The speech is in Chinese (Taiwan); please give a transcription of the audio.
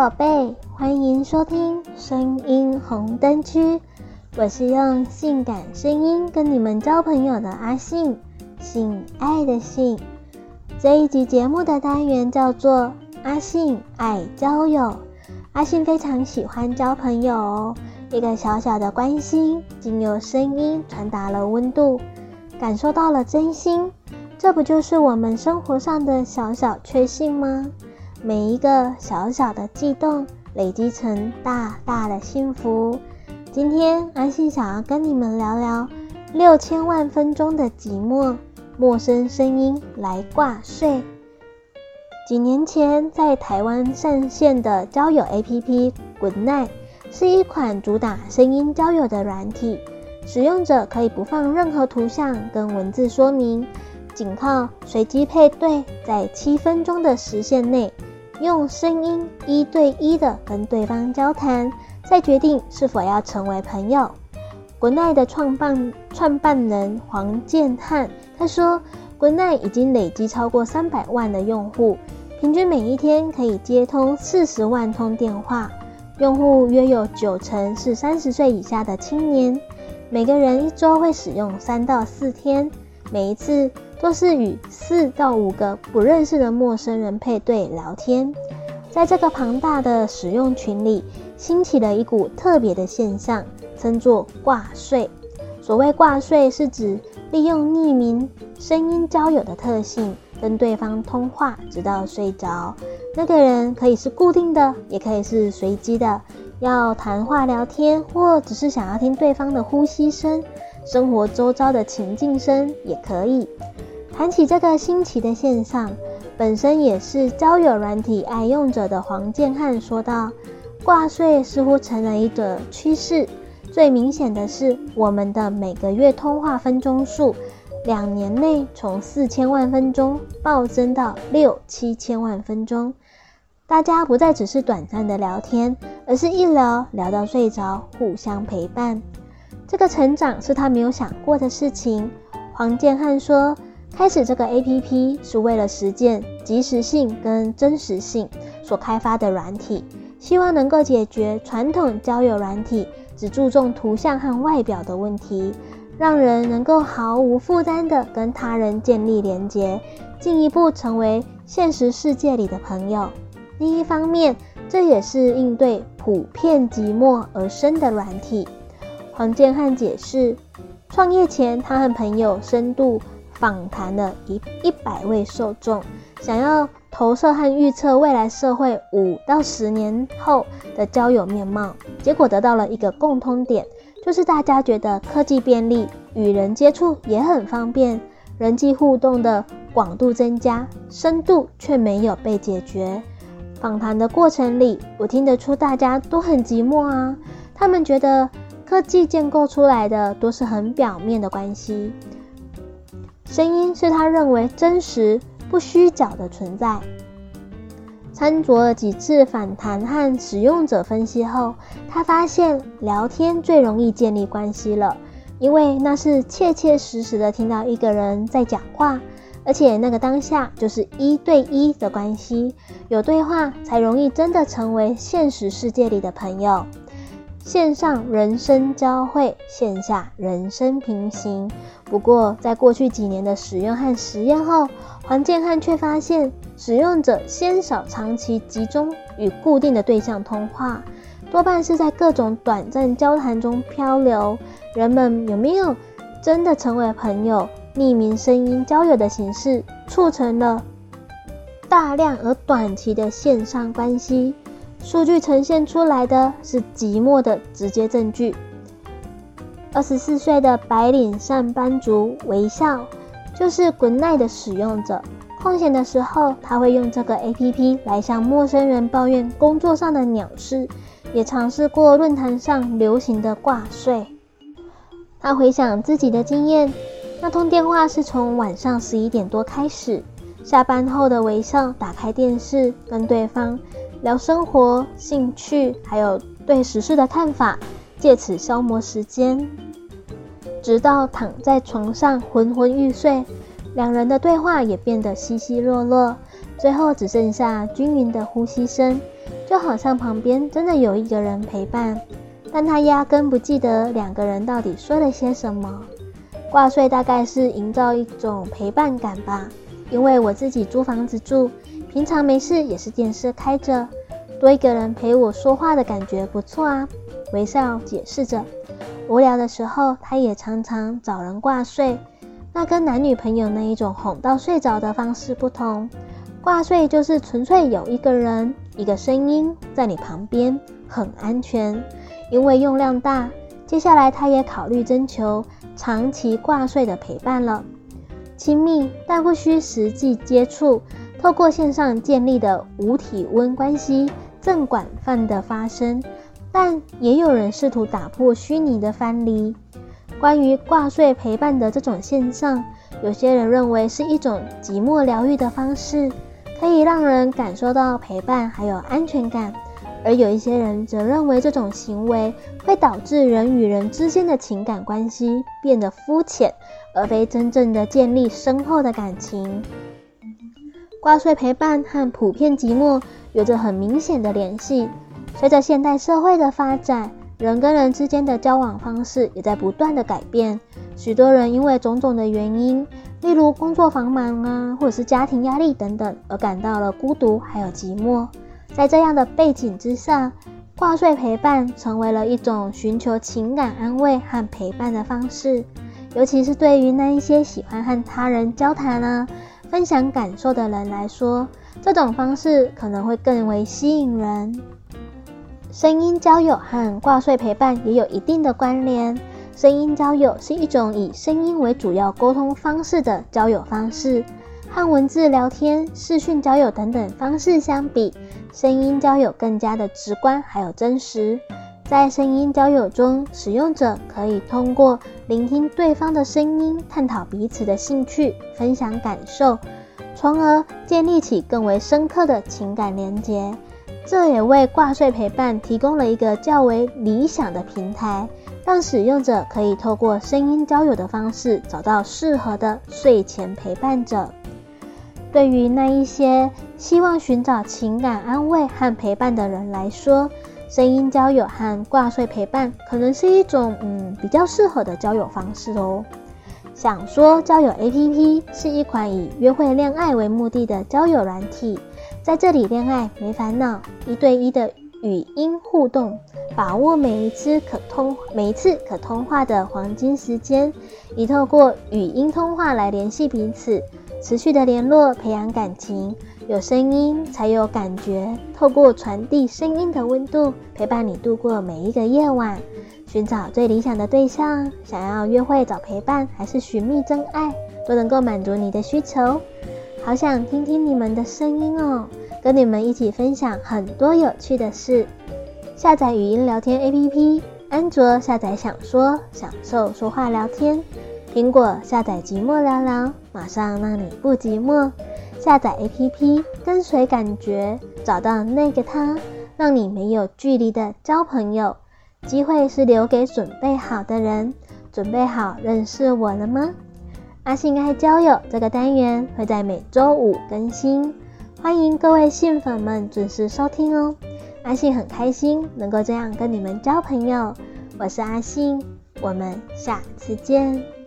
寶貝，歡迎收聽聲音紅燈區，我是用性感聲音跟你們交朋友的阿性，性愛的性。這一集節目的單元叫做阿性愛交友。阿性非常喜歡交朋友哦，一個小小的關心，經由聲音傳達了溫度，感受到了真心。這不就是我們生活上的小小確幸嗎？每一個小小的悸動，累積成大大的幸福。今天阿性想要跟你們聊聊六千萬分鐘的寂寞，陌生聲音來掛睡。幾年前在台灣上線的交友 APP 滾奈，是一款主打聲音交友的軟體，使用者可以不放任何圖像跟文字說明，僅靠隨機配對，在七分鐘的時限內。用聲音一對一的跟對方交談，再決定是否要成為朋友。國內的創辦創辦人黃建漢他說，國內已經累積超過三百萬的用戶，平均每一天可以接通四十萬通電話，用戶約有九成是三十歲以下的青年，每個人一周會使用三到四天，每一次。都是與四到五個不認識的陌生人配對聊天，在這個龐大的使用群裡，興起了一股特別的現象，稱作掛睡。所謂掛睡，是指利用匿名聲音交友的特性，跟對方通話直到睡着。那個人可以是固定的，也可以是隨機的。要談話聊天，或只是想要聽對方的呼吸聲、生活周遭的情境聲，也可以。談起這個新奇的現象，本身也是交友軟體愛用者的黃建漢說道：“掛睡似乎成了一個趨勢。最明顯的是，我們的每個月通話分鐘數，兩年內從四千萬分鐘暴增到六七千萬分鐘。大家不再只是短暫的聊天，而是一聊聊到睡着，互相陪伴。這個成長是他沒有想過的事情。”黃建漢說。開始這個 APP 是為了實踐即時性跟真實性所開發的軟體，希望能夠解決傳統交友軟體只注重圖像和外表的問題，讓人能夠毫無負擔地跟他人建立連結，進一步成為現實世界裡的朋友。另一方面，這也是應對普遍寂寞而生的軟體。黃建漢解釋，創業前他和朋友深度。訪談了一一百位受眾，想要投射和預測未來社會五到十年後的交友面貌，結果得到了一個共通點，就是大家覺得科技便利，與人接觸也很方便，人際互動的廣度增加，深度卻沒有被解決。訪談的過程裡，我聽得出大家都很寂寞啊，他們覺得科技建構出來的都是很表面的關係。聲音是他認為真實不虛假的存在。參酌了幾次反彈和使用者分析後，他發現聊天最容易建立關係了，因為那是切切實實的聽到一個人在講話，而且那個當下就是一對一的關係，有對話才容易真的成為現實世界裡的朋友。線上人生交匯，線下人生平行。不過，在過去幾年的使用和實驗後，黃健漢卻發現，使用者鮮少長期集中與固定的對象通話，多半是在各種短暫交談中漂流。人們有沒有真的成為朋友？匿名聲音交友的形式促成了大量而短期的線上關係。數據呈現出來的是寂寞的直接證據。二十四歲的白領上班族微笑，就是滾耐的使用者。空閒的時候，他會用這個 APP 來向陌生人抱怨工作上的鳥事，也嘗試過論壇上流行的掛睡。他回想自己的經驗，那通電話是從晚上十一點多開始。下班後的微笑打開電視，跟對方。聊生活、興趣，還有對時事的看法，借此消磨時間，直到躺在床上昏昏欲睡，兩人的對話也變得稀稀落落，最後只剩下均勻的呼吸聲，就好像旁邊真的有一個人陪伴，但他壓根不記得兩個人到底說了些什麼。掛睡大概是營造一種陪伴感吧，因為我自己租房子住。平常沒事也是電視開着，多一個人陪我說話的感覺不錯啊。微笑解釋着，無聊的時候他也常常找人掛睡，那跟男女朋友那一種哄到睡着的方式不同，掛睡就是純粹有一個人一個聲音在你旁邊，很安全。因為用量大，接下來他也考慮徵求長期掛睡的陪伴了，親密但不需實際接觸。透過線上建立的無體溫關係正廣泛的發生，但也有人試圖打破虛擬的藩籬。關於掛睡陪伴的這種現象，有些人認為是一種寂寞療癒的方式，可以讓人感受到陪伴還有安全感；而有一些人則認為這種行為會導致人與人之間的情感關係變得膚淺，而非真正的建立深厚的感情。掛睡陪伴和普遍寂寞有着很明顯的聯繫。隨着現代社會的發展，人跟人之間的交往方式也在不斷的改變。許多人因為種種的原因，例如工作繁忙啊，或者是家庭壓力等等，而感到了孤獨還有寂寞。在這樣的背景之上，掛睡陪伴成為了一種尋求情感安慰和陪伴的方式，尤其是對於那一些喜歡和他人交談啊，分享感受的人來說，這種方式可能會更為吸引人。聲音交友和掛睡陪伴也有一定的關聯。聲音交友是一種以聲音為主要溝通方式的交友方式，和文字聊天、視訊交友等等方式相比，聲音交友更加的直觀還有真實。在聲音交友中，使用者可以通過聆聽對方的聲音，探討彼此的興趣，分享感受，從而建立起更為深刻的情感連接。這也為掛睡陪伴提供了一個較為理想的平台，讓使用者可以透過聲音交友的方式找到適合的睡前陪伴者。對於那一些希望尋找情感安慰和陪伴的人來說，聲音交友和掛睡陪伴可能是一種嗯比較適合的交友方式哦。享說交友 APP 是一款以約會戀愛為目的的交友軟體，在這裡戀愛沒煩惱，一對一的語音互動，把握每一次可通每一次可通話的黃金時間，以透過語音通話來聯繫彼此，持續的聯絡培養感情。有聲音才有感覺，透過傳遞聲音的溫度，陪伴你度過每一個夜晚。尋找最理想的對象，想要約會找陪伴，還是尋覓真愛，都能夠滿足你的需求。好想聽聽你們的聲音哦，跟你們一起分享很多有趣的事。下載語音聊天 APP，安卓下載享說享受說話聊天，蘋果下載寂寞聊聊，馬上讓你不寂寞。下載 APP，跟隨感覺，找到那個他，讓你沒有距離的交朋友。機會是留給準備好的人，準備好認識我了嗎？阿性愛交友這個單元會在每週五更新，歡迎各位性粉們準時收聽哦。阿性很開心能夠這樣跟你們交朋友，我是阿性，我們下次見。